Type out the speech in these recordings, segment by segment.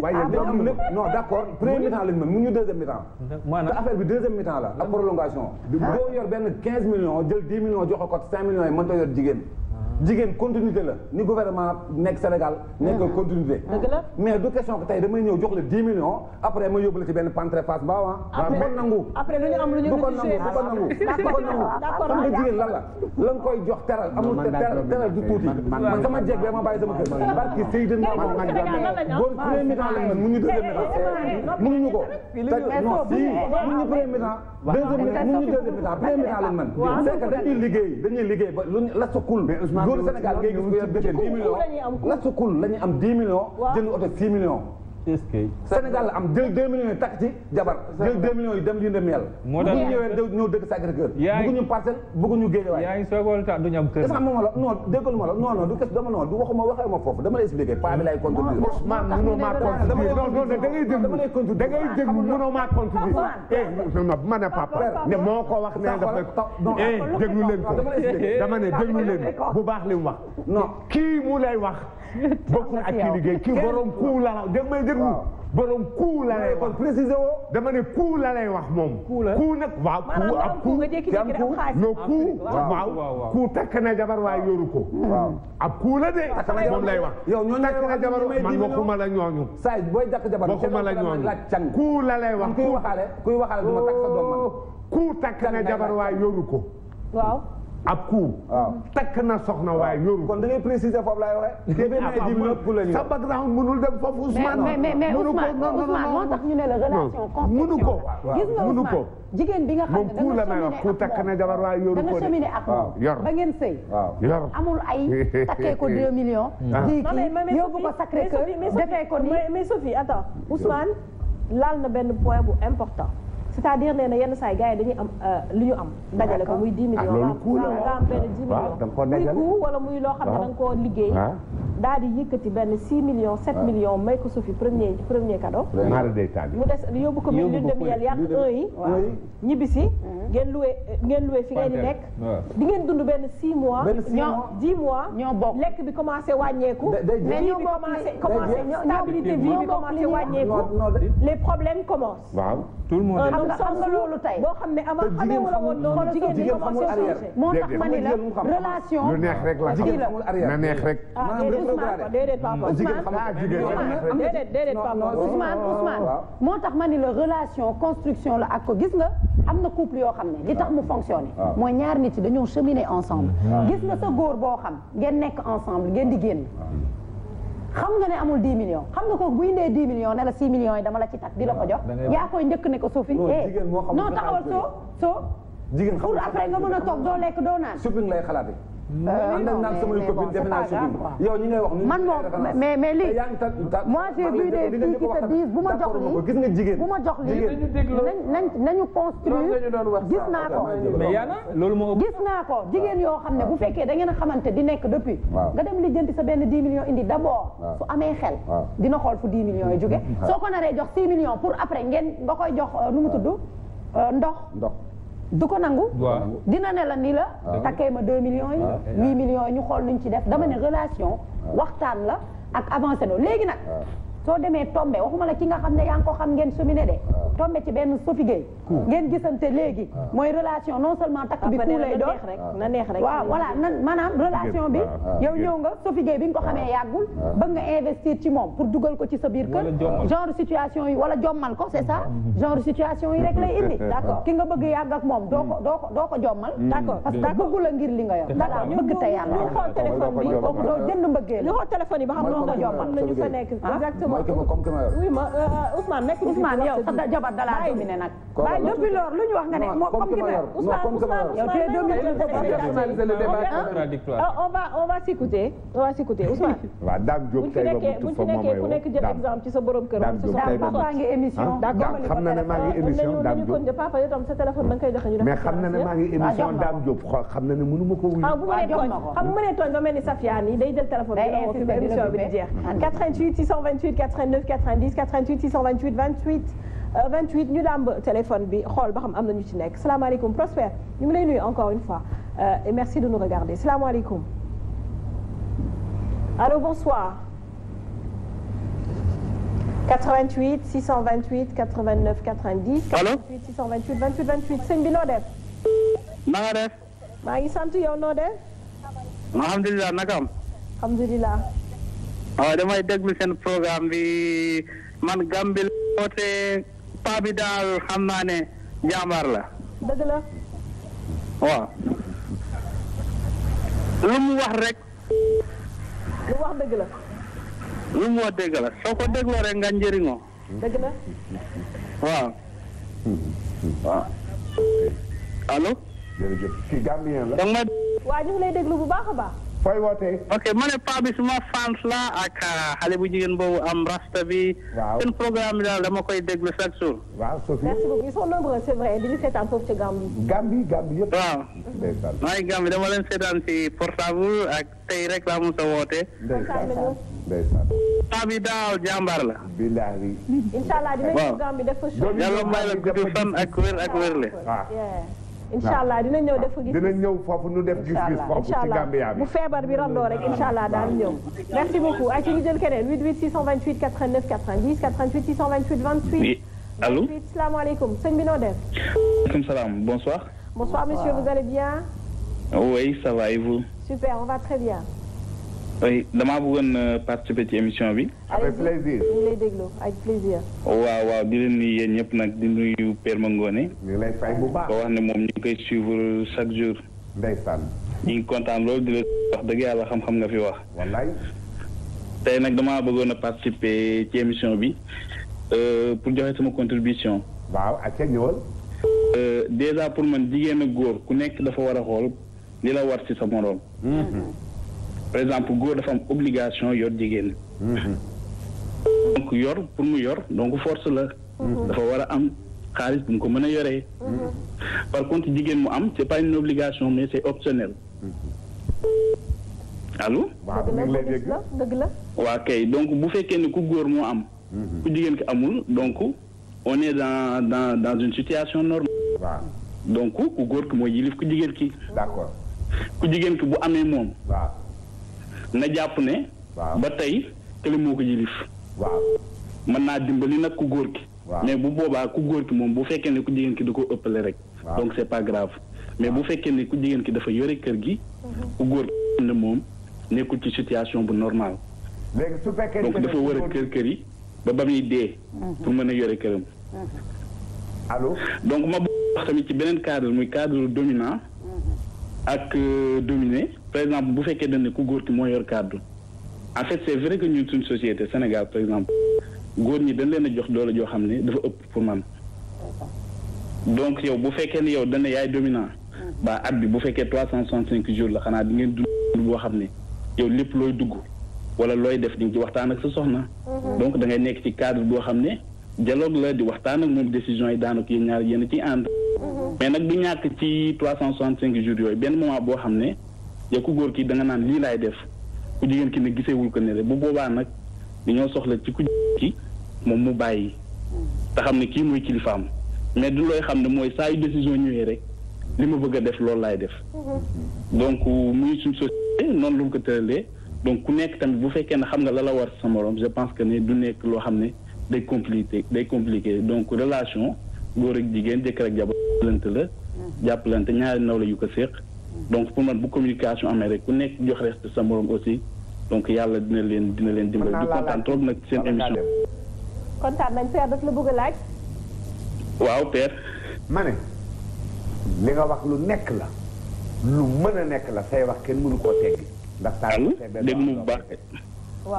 waaye yéen ah, non d' accord premier mi-temps lañu mën mu ñu deuxième mi-temps. maanaam te affaire bi deuxième mi-temps la ak prolongation. Ah. boo yor benn 15 millions jël 10 millions jox ko 5 millions yi mënut a yor jigéen. jigéen continuité la ni gouvernement nekk Sénégal nekk ah. continuité mais du question que tey damay ñëw jox la dix millions après ma yóbbu la ci benn pantre face baawa ah. kon nangu après lu ñu am lu ñu ko nangu bu ko nangu bu ko nangu xam nga jigéen lan la lan koy jox teral amul teral teral du tuuti man sama jeeg bee ma bàyyi sama kër barki Seydina Mohamed góor premier mi-temps lañ mën mu ñu deuxième mi-temps mënuñu ko non si mu ñu premier mi-temps deuxième mu ñu deuxième mi-temps premier mi-temps lañ mën c'est que dañuy liggéey dañuy liggéey ba lu la sukul góoru Sénégal ngay gis ku yor béykat 10 millions. natt kul la ñuy am 10 millions. jënd oto 6 millions. est-ce que. Sénégal la am jël 2 millions yi takk ci jabar. jël 2 millions yi dem lii dem yàlla. moo tax bu ñu ñëwee ñëw dëkk Sacré Cœur. yaa ngi bëgguñu parcelle bëgguñu géejewaay. yaa ngi soogol ta duñu am kër. est-ce que ma la non déggalu ma la non non du kes dama non du waxuma waxee ma foofu dama lay expliqué paa bi lay contribuer. man mënoo maa contribuer eh, non non da ngay déglu da ngay déglu mënoo maa contribuer. eh ma ne papa ne moo ko wax ne dafa eh déglu leen ko dama ne déglu leen bu baax li mu wax. non kii mu lay wax bokkul ak kii liggéey kii borom la la dégg may déglu borom dama ne kuu la lay wax moom kuu nag waaw kuu ak kuu non kuu waaw kuu takk na jabar waay yoru ko ab kuu la de moom lay wax takk na jabar man bokkuma la ñooñu say booy dakk jabar bokkuma la ñooñu kuu la lay wax kuy waxaale kuy waxaale duma takk sa doom man kuu takk na jabar ko ab ku. waaw takk na soxna waaye yoru kon da ngay préciser foofu laay waxee. sa background mënul dem foofu Ousmane. mais mais mais Ousmane Ousmane moo tax ñu ne la relation conflictuelle mënu ko gis nga Ousmane jigéen bi nga xam ne moom ku la may wax ku takk na jabar waaye yoru ko de. da nga cheminé ak moom ba ngeen sëy. yor amul ay takkee ko 2 millions. Ah. di kii yóbbu ko Sacré-Cœur defee ko nii. mais Sophie attends Ousmane laal na benn point bu important. c'est-à-dire nee na yenn saa yi gars yi dañuy am euh, lu ko muy 10 ah, millions. loolu kuu waaw benn 10 millions. da nga koo dajale muy kuu loo xam ne da nga koo liggéey. daal di yëkkati benn 6 millions 7 millions may ko suuf premier premier cadeau. mu des yóbbu ko. yóbbu ko yóbbu yàq un yi. waaw ñibbi si. ngeen loué ngeen loué fi ngeen di nekk. di ngeen dund benn 6 mois. lekk bi commencé wàññeeku. mais ñoo commencé commencé stabilité vie bi commencé wàññeeku. xam nga xam nga loolu tey boo xam ne avant xamee wala woon noonu jigéen ñi commencé changé moo tax ma ni la relation lu neex rek la jigéen xamul na neex rek ah, déedéet papa Ousmane déedéet papa Ousmane Ousmane moo tax ma ni la relation construction la ak ko gis nga am na couple yoo xam ne li tax mu fonctionné ah. ah. mooy ñaar nit yi dañoo cheminer ensemble gis nga sa góor boo xam ngeen nekk ensemble ngeen di génn xam nga ne amul di millions xam nga ko bu indee 10 millions ne la 6 millions yi dama la ci takk di la ko jox yaa koy njëkk ne ko suufi non eh, taxawal soo soo jigéen pour après nga mën a toog doo lekk doo naan shopping lay xalaate Euh, am na naan samay copine defe naa si yow ñi ngay wax. man moom mais mais lii moi j'ai vu des filles qui se disent bu ma jox lii gis nga jigéen bu ma jox lii nañ nañu construire gis naa ko. loolu moo gis naa ko jigéen yoo xam ne bu fekkee da ngeen xamante di nekk depuis. nga dem lijjanti sa benn 10 millions indi d' abord. su amee xel. dina xool fu 10 millions yi jóge. soo ko naree jox 6 millions pour après ngeen nga koy jox euh, nu mu tudd euh, ndox. du ko nangu. dina ne la ni la. Ah. takkee ma 2 millions yi. 8 ah, ah. millions yi ñu xool nuñ ci def dama ne relation. waxtaan la ak avance no léegi nag. soo demee tombe waxuma la ki nga xam ne yaa xam ngeen cheminé de ah. tombe ci benn sofigéey ngeen gisante léegi ah. mooy relation non seulement takk bi doo lay doon na neex rek waaw voilà nan maanaam relation bi ah, yow ñëw nga sofigéey bi nga ko xamee yàggul bëgg nga investir ci moom pour dugal ko ci sa biir kër genre situation yi wala jommal ko c'est ça genre situation yi rek lay indi d'accord ki nga bëgg yàgg ak moom doo ko doo ko doo ko jommal hmm. d'accord parce que bëggu la ngir li nga yor d'accord bëgg te yàlla ñu mooy comme que ma yor. oui ma euh, Ousmane nekk Ousmane yow sa jabar dala dominé nag. waaye depuis loolu lu ñu wax nga ne moo comme que ma yor Ousmane Ousmane yow tey dominé on va on va s'écouter on va s'écouter Ousmane. waaw Dame Diop tey ba mu tudd ma ku nekk jël exemple ci sa borom kër. Dame Diop tey ba mu émission. Ah, d'accord xam na ne maa ngi euh, émission Dame Diop. mais xam na ne maa ngi émission ah, Dame Diop xam na ne mënu ma ko wuyu. ah bu ma ah, nee tooñ xam nga ma nee tooñ ba mel ni Safiane yi day jël téléphone bi. day insisté bi la ko jeex 88 628 89 90 88 628 28 28 ñu bi xool ba xam am na ñu ci nekk salaamaaleykum Prosper ñu ngi lay nuyu encore une fois euh, merci de nous regarder salaamaaleykum allo bonsoir 88 628 89 90. allo 88 628 28 28 sëñ maa ngi sant yow noo def. waaw damay déglu seen programme bi man Gambie la paa bi daal naa ne jàmbaar la. dëgg la. waaw. lu mu rek. lu wax dëgg la. lu mu wax la soo ko dégloo rek nga njëriñoo. dëgg la. waaw. waaw. allo. la. donc ma. waa ñu ngi fooy wootee. ok ma ne paa bi suma fans la ah, xale bu jigéen boobu am rasta bi. waaw seen programme bi daal dama koy déglu chaque jour. waaw Sophie merci beaucoup ils sont ci Gambie. Gambie Gambie yëpp. waaw. maa ngi Gambie dama portable ak tey rek laa mos a daal jàmbaar la. bilaahi. la gudd ak wér ak wér le. incha allah dinañ ñëw def gis dinañ ñëw foofu nu def gis-gis foofu ci Gambia bi bu feebar bi randoo rek incha allah daan ñëw merci beaucoup ay ci ñu jël keneen 88 628 89 90 88 628 28 allô salaamaaleykum sëñ bi noo def aleykum salaam bonsoir bonsoir monsieur vous allez bien oui ça va et vous super on va très bien oui damaa bëggoon euh, participer ci émission bi. avec plaisir ñu lay waaw waaw di leen nuyu yéen ñëpp nag di nuyu Père Mangone. ñu lay fay bu baax. wax ne moom ñu ngi koy suivre chaque jour. ndeysaan. ñu ngi kontaan loolu di la wax dëgg yàlla xam-xam nga fi wax. wallaay. tey nag damaa bëggoon a participer ci émission bi euh, pour joxe sama contribution. waaw ak ca ñëwal. Euh, pour man jigéen ak góor ku nekk dafa war a xool li la war si sa moroom. Mhm. par exemple góor dafa am obligation yor jigéen. Mhm. donc yor pour mu yor donc force la. Mhm. dafa war a am xaalis bu mu ko mën a yoree. Mhm. par contre jigéen mu am c' est pas une obligation mais c' est optionnel. allo. waa kay donc bu fekkee ne ku góor moo am. ku jigéen ki amul donc on est dans dans une situation normale. waaw ku góor ki mooy yilif ku jigéen ki. d' ku jigéen ki bu amee moom. na jàpp ne. ba tey kële moo ko yilif. waaw mën naa dimbali nag ku góor ki. mais bu boobaa ku góor ki moom bu fekkee ne ku jigéen ki du ko ëppale rek. donc c'est pas mais bu fekkee ne ku jigéen ki dafa yore kër gi. Mhm. ku góor ki moom nekkul ci situation bu normal. léegi su fekkee donc dafa war a kër kër yi ba ba muy dee. Mhm. pour mën a yore këram. Mhm. allo donc ma wax tamit ci beneen cadre muy cadre dominant. ak euh, dominé par exemple bu fekkee dañ ne ku góor ki moo yor kàddu en fait c'est vrai que ñun suñ societé Sénégal par exemple góor ñi dañ leen a jox doole joo xam ne dafa ëpp pour man donc yow bu fekkee ne yow dañ ne yaay dominant ba at bi bu fekkee trois cent soixante cinq jours la xanaa di ngeen dund boo xam ne yow lépp looy dugg wala looy def di nga ci waxtaan ak sa soxna mm-hmm. donc dangay nekk ci cadre boo xam ne dialogue la di waxtaan ak moom décision yi daanaka yéen ñaar yéen a ciy ànd Mm-hmm. mais nag du ñàkk ci trois cent soixante cinq jours yooyu benn moment boo xam ne yow góor ki danga naan lii laay def ku jigéen ki ne giseewul ko ne rek bu boobaa nag dañoo soxla ci ku jigéen ki moom mu bàyyi mm-hmm. te xam ne kii mooy kilifaam mais du looy xam ne mooy saa yu décision ñëwee rek li ma bëgg def loolu laay def mm-hmm. donc muy suñ société noonu lu ko tëralee donc ku nekk tamit bu fekkee ne xam nga la la war sa morom je pense que ne du nekk loo xam ne day compliqué day compliqué donc relation góor ak jigéen jëkkër ak jabar jàppalante la mm-hmm. jàppalante ñaari ndaw yu ko séq mm-hmm. donc pour man bu communication amee ku nekk jox reste sa moroom aussi donc yàlla dina leen dina leen dimbali di kontaan trop nag seen émission kontaan nañ père daf la bëgg a laaj waaw père ma li nga wax lu nekk la lu mën a nekk la say wax kenn mënu koo teggi ndax saa dégg mu bu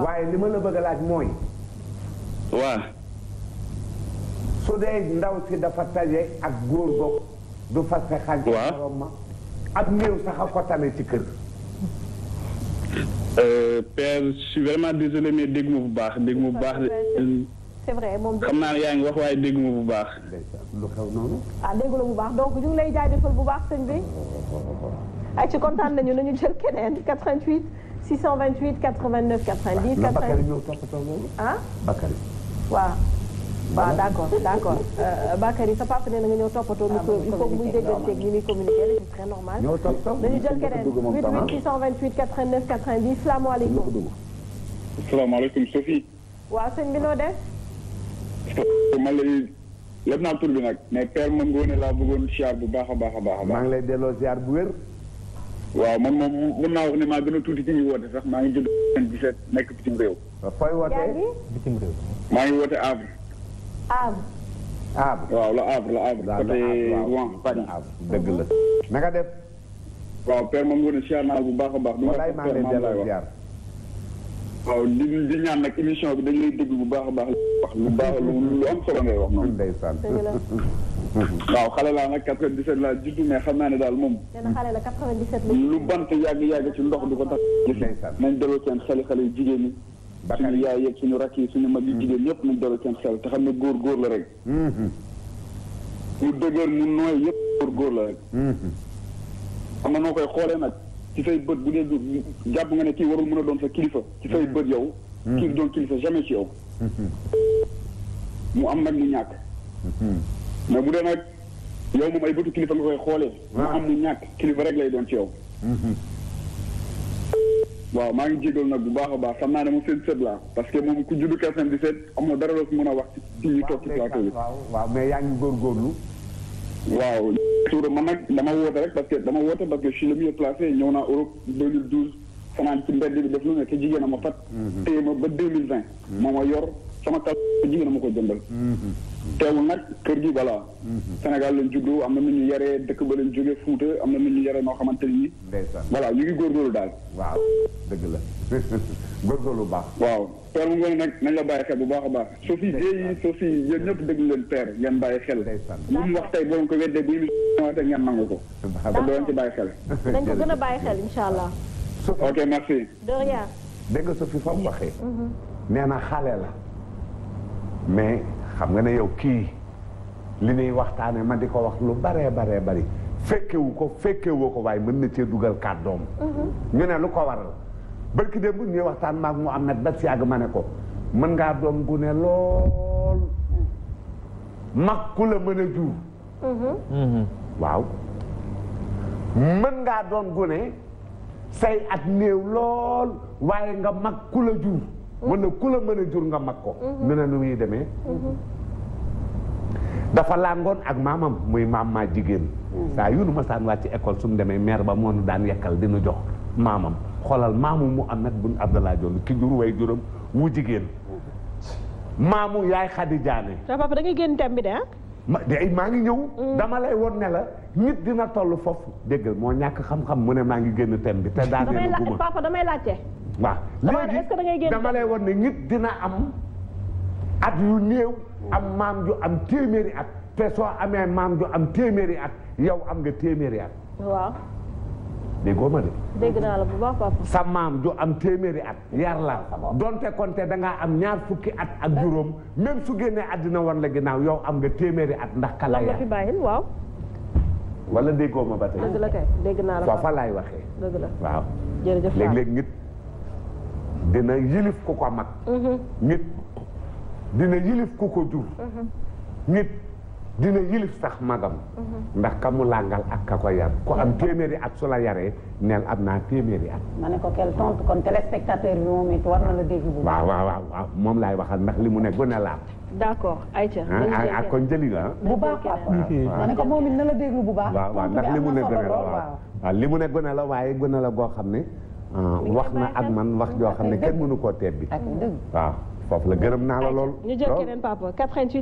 waaye li ma la bëgg a laaj mooy waa su dee ndaw si dafa taje ak góor bopp du fase xaj borom ma ab néew sax a ko tane ci kër euh, père je suis vraiment désolé mais dégg ma bu baax dégg ma bu baax c'est vrai moom xam naa yaa ngi wax waaye dégg ma bu baax lu xew noonu ah dégg la bu baax donc ñu ngi lay jaajëfal bu baax sëñ bi ay ci kontaan nañu nañu jël keneen 88 628 89 90 80 ah Bakary waaw waaw d' accord d' accord euh, euh, Bakary sa papa nee na nga ñëw toppatoo ah, micro bi il faut muy dégganteeg ni muy communiqué la c'est très normal dañu jël keneen 88 628 89 90 salaamaaleykum salaamaaleykum Sophie waaw sëñ bi noo def man lay lépp naa tur bi nag mais père moom ngoone laa bëggoon ziar bu baax a baax a baax a baax maa ngi lay delloo ziar bu wér waaw man moom mën naa wax ne maa a tuuti ci ñuy woote sax maa ngi judd 17 nekk bitim réew fooy Havre. Havre waaw la Havre la Havre. côté Rouen Paris. dëgg la na nga def. waaw père moom nga ne siyaar naa bu baax a baax. walaay maa ngi leen delloo siyaar. waaw di di ñaan nag émission bi dañuy dégg bu baax a baax wax lu baax lu am solo ngay wax noonu. ndeysaan waaw xale laa nag 97 laa juddu mais xam naa ne daal moom. lu bant yàgg yàgg ci ndox du ko tax. ndeysaan nañ delloo seen xale xale yu jigéen ñi. Bakary suñu yaay yeeg suñu rakk yi suñu mag yi jigéen ñëpp nañ dalal seen xel te xam ne góor góor la rek. mu dëgër mu nooy yëpp góor góor la rek. xam nga noo koy xoolee nag ci say bët bu dee jàpp nga ne kii warul mën a doon sa kilifa ci say bët yow. kii doon kilifa jamais ci yow. mu am nag mu ñàkk. mais bu dee nag yow moom ay bëtu kilifa nga koy xoolee. am mu ñàkk kilifa rek lay doon ci yow. waaw maa ngi jégal nag bu baax a baax xam naa ne moom seen sët laa parce que moom ku judd 97 amoo dara loo si mën a wax ci ñu toog ci plateau bi. waaw waaw mais yaa ngi góorgóorlu. waaw Touré man nag dama woote rek parce que dama woote parce que je suis le mieux placé ñëw naa Europe 2012 fanaan ci mbedd bi def lu ne te jigéen a ma fat mhm. téye ma ba 2020. Mhm. moo ma yor sama kàlla jigéen a ma ko jëndal. teewul nag kër gi voilà. Sénégal lañ juddoo am na mi ñu yaree dëkk ba lañ jógee Fuuta am na nu ñu yaree noo xamante ni. ndeysaan voilà ñu ngi góorgóorlu daal. waaw dëgg la góorgóorlu baax. waaw père mu a nag la bàyyi xel bu baax a baax. soo fi jéeyi soo fi yéen ñëpp déglu leen père ngeen bàyyi xel. ndeysaan lu wax tey boo ko weddee bu ñu waxee ngeen nangu ko. d'accord te doo leen ci bàyyi xel. dañ ko gën a bàyyi xel incha allah. ok merci. de rien. dégg nga Sophie fa mu waxee. Mm-hmm. nee na xale la mais xam nga ne yow kii li nuy waxtaane ma di ko wax lu baree baree bari fekkewu ko fekkewoo ko waaye mën na cee dugal kàddoom mhm. ñu ne lu ko waral barki démb bu ñuy waxtaan maag mu am nag ba si àgg ma ne ko mën ngaa doom gune ne lool mag ku la mën a jur mhm. Mhm. waaw mën ngaa doon gune say at néew lool waaye nga mag ku la jur wala ku la mën a jur nga mag ko ñu mhm. ne nu muy demee mhm. dafa làngoon ak maamam muy maam maa jigéen mhm. saa yu nu ma saan wàcc école su mu demee mair ba moo nu daan yekkal dinu jox maamam xoolal maamu Muhammad bun Abdallah Jonn ki jur way juróom wu jigéen maamu yaay xadi jaane papa da génn thème bi de ah? ma maa ngi ñëw dama lay woon ne la nit dina toll foofu déggal moo ñàkk xam-xam mu ne maa ngi génn thème bi te daanee guma papa damay laajte waaw léegi dama lay wan ne nit dina am at yu néew am maam ju am téeméeri at te soo amee maam ju am téeméeri at yow am nga téeméeri at waaw déggoo ma ju am téeméeri at yar la ah, donte konte da ngaa am ñaar fukki at ak juróom même su génnee àddina woon la ginnaaw yow am nga téeméeri at ndax kala yar waaw wala déggoo ba tey dëgg naa la foofa laay waxee waaw léeg-léeg nit dina yilif ku ko mag mhm. nit dina yilif ku ko jur mhm. nit dina yilif sax magam mhm. ndax ka mu làngal ak ka ko yar ku am téeméeri at su la yaree neel am naa téeméeri at ma ko kel tontu kon téléspectateur bi moom it war na la dégg bu waaw waaw waaw moom laay waxal ndax li mu ne gën a laal kon jëli nga ah. bu baax ma ko moom it na la déglu bu baax waaw ndax li mu ne gën la waaw la waaye gën la goo xam ne Euh, wax na ak man wax joo xam ne kenn mënu koo teeb bi waaw foofu la gërëm naa la lool. ñu jël keneen papa 88